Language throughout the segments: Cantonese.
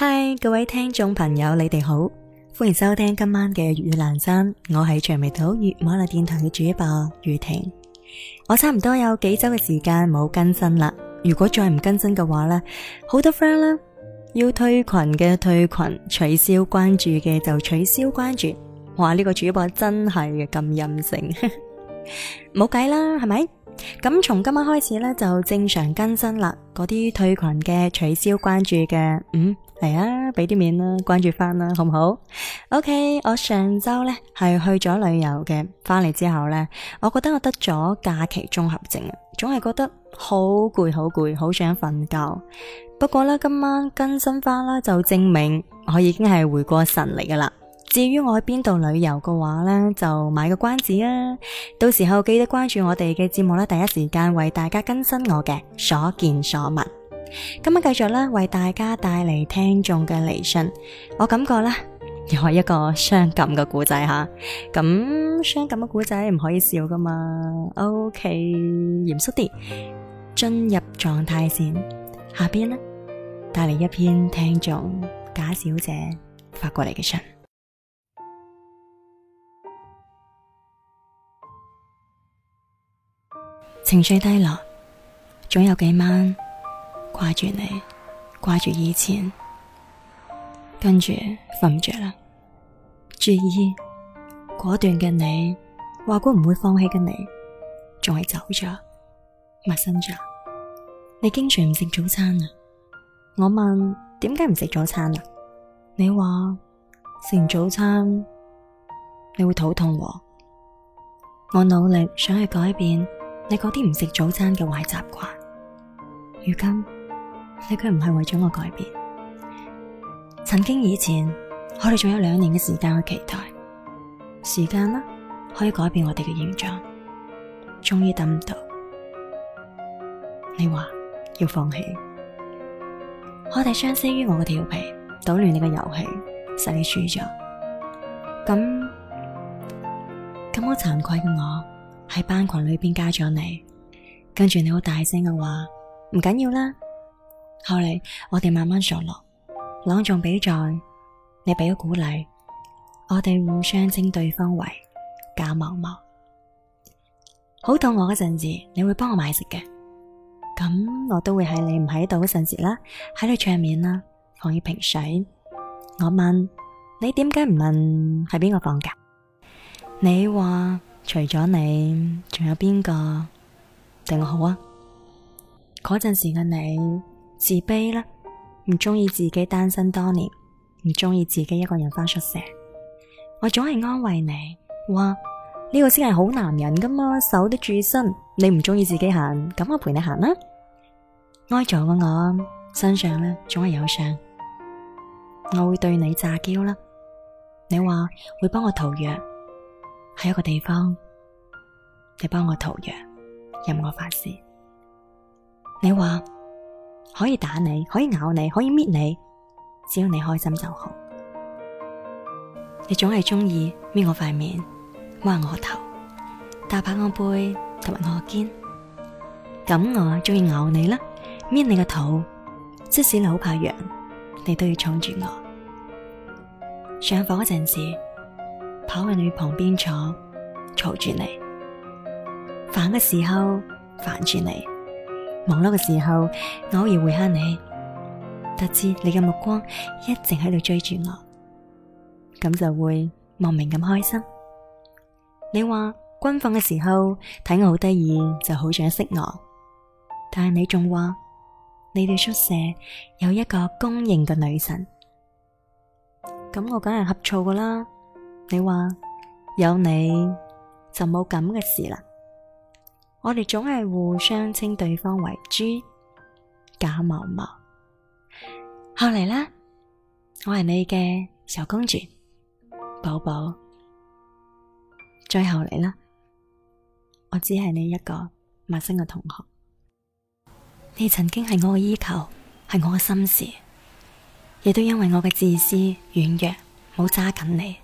嗨，Hi, 各位聽眾朋友，你哋好，歡迎收聽今晚嘅粵語南山。我係長尾島粵網絡電台嘅主播雨婷。我差唔多有幾周嘅時間冇更新啦。如果再唔更新嘅話咧，好多 friend 啦要退群嘅退群，取消關注嘅就取消關注。話呢個主播真係咁任性，冇計啦，係咪？咁從今晚開始咧就正常更新啦。嗰啲退群嘅、取消關注嘅，嗯。嚟啊，俾啲面啦，關注翻啦，好唔好？OK，我上周咧係去咗旅遊嘅，翻嚟之後咧，我覺得我得咗假期綜合症啊，總係覺得好攰，好攰，好想瞓覺。不過咧今晚更新翻啦，就證明我已經係回過神嚟噶啦。至於我去邊度旅遊嘅話咧，就買個關子啊。到時候記得關注我哋嘅節目啦，第一時間為大家更新我嘅所見所聞。今晚，繼續咧為大家帶嚟聽眾嘅嚟信。我感覺咧又係一個傷感嘅古仔吓。咁、啊、傷感嘅古仔唔可以笑噶嘛？OK，嚴肅啲，進入狀態先。下邊呢，帶嚟一篇聽眾賈小姐發過嚟嘅信。情緒低落，總有幾晚。掛住你，掛住以前，跟住瞓唔着啦。絕意，果斷嘅你，話過唔會放棄嘅你，仲係走咗，陌生咗。你經常唔食早餐啊？我問點解唔食早餐啊？你話食完早餐你會肚痛啊。我努力想去改變你嗰啲唔食早餐嘅壞習慣，如今。你佢唔係為咗我改變。曾經以前，我哋仲有兩年嘅時間去期待時間啦，可以改變我哋嘅現狀。終於等唔到，你話要放棄，我哋相識於我嘅調皮，搗亂你嘅遊戲，使你輸咗。咁咁，好慚愧嘅我喺班群裏邊加咗你，跟住你好大聲嘅話，唔緊要啦。後嚟我哋慢慢熟落，朗誦比賽你俾咗鼓勵，我哋互相稱對方為假毛毛。好肚餓嗰陣時，你會幫我買食嘅，咁我都會喺你唔喺度嗰陣時啦，喺度枱面啦，放一瓶水。我問你點解唔問係邊個放㗎？你話除咗你，仲有邊個對我好啊？嗰陣時嘅你。自卑啦，唔中意自己單身多年，唔中意自己一個人翻宿舍。我總係安慰你，話呢個先係好男人噶嘛，守得住身。你唔中意自己行，咁我陪你行啦、啊。哀咗嘅我身上咧，總係有傷。我會對你詐嬌啦，你話會幫我塗藥，喺一個地方，你幫我塗藥，任我發洩。你話？可以打你，可以咬你，可以搣你，只要你開心就好。你總係中意搣我塊面，挖我頭，打拍我背同埋我肩，咁我中意咬你啦，搣你個肚。即使你好怕癢，你都要寵住我。上課嗰陣時，跑去你旁邊坐，嘈住你；煩嘅時候，煩住你。忙碌嘅時候，偶爾會蝦你，得知你嘅目光一直喺度追住我，咁就會莫名咁開心。你話軍訓嘅時候睇我好得意，就好想識我。但係你仲話你哋宿舍有一個公認嘅女神，咁我梗係呷醋㗎啦。你話有你就冇咁嘅事啦。我哋總係互相稱對方為豬假毛毛，後嚟啦，我係你嘅小公主寶寶，再後嚟啦，我只係你一個陌生嘅同學。你曾經係我嘅依靠，係我嘅心事，亦都因為我嘅自私軟弱，冇揸緊你，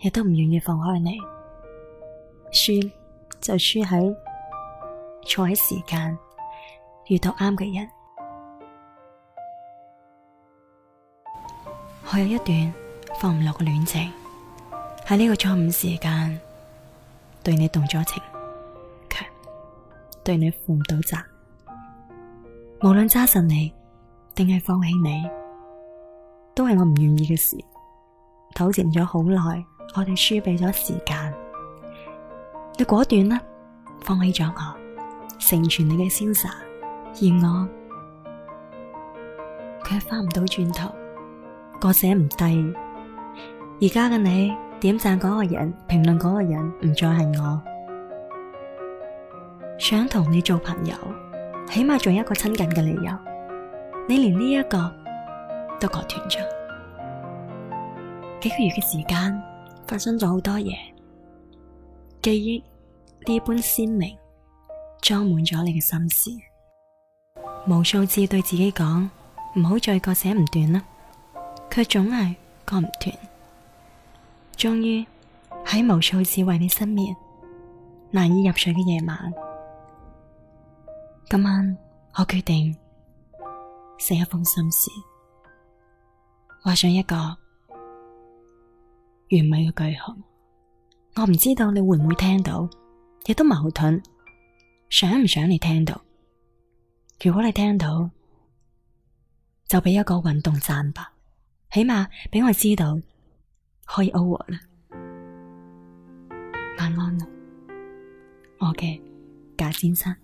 亦都唔願意放開你，孫。就輸喺錯嘅時間遇到啱嘅人，我有一段放唔落嘅戀情，喺呢個錯誤時間對你動咗情，卻對你負唔到責。無論揸實你定係放棄你，都係我唔願意嘅事。糾纏咗好耐，我哋輸俾咗時間。你果斷啦，放棄咗我，成全你嘅瀟灑，而我卻翻唔到轉頭，過寫唔低。而家嘅你，點讚嗰個人，評論嗰個人，唔再係我。想同你做朋友，起碼仲有一個親近嘅理由，你連呢、這、一個都割斷咗。幾個月嘅時間，發生咗好多嘢，記憶，呢般鮮明，裝滿咗你嘅心事。無數次對自己講：唔好再割捨唔斷啦，卻總係割唔斷。終於喺無數次為你失眠、難以入睡嘅夜晚，今晚我決定寫一封心事，畫上一個完美嘅句號。我唔知道你會唔會聽到。亦都矛盾，想唔想你聽到？如果你聽到，就畀一個運動讚吧，起碼畀我知道可以 over 啦。晚安啦，我嘅假先生。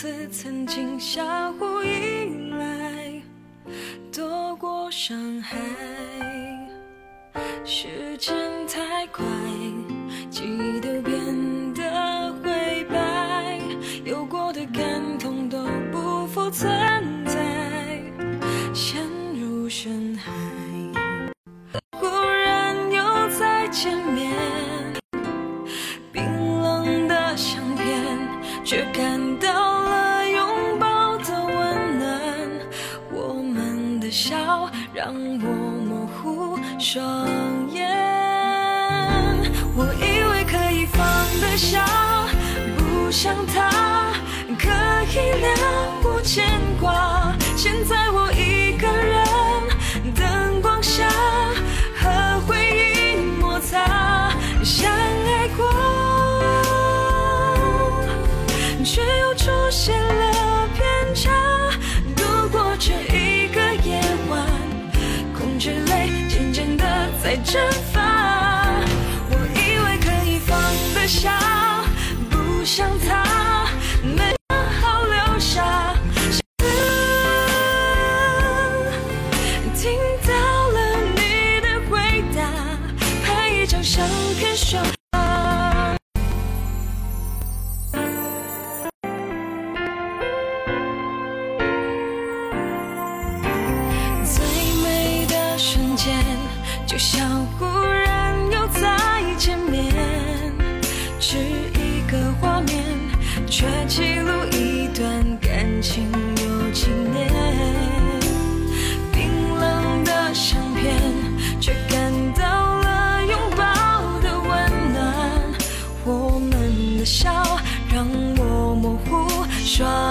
次曾經相互依賴，躲過傷害。時間太快，記憶都變得灰白，有過的感動都不復存在，陷入深海。忽然又再見面，冰冷的相片，卻感。不想他可以了無牽掛。現在。聽到了你的回答，拍一張相片說。說。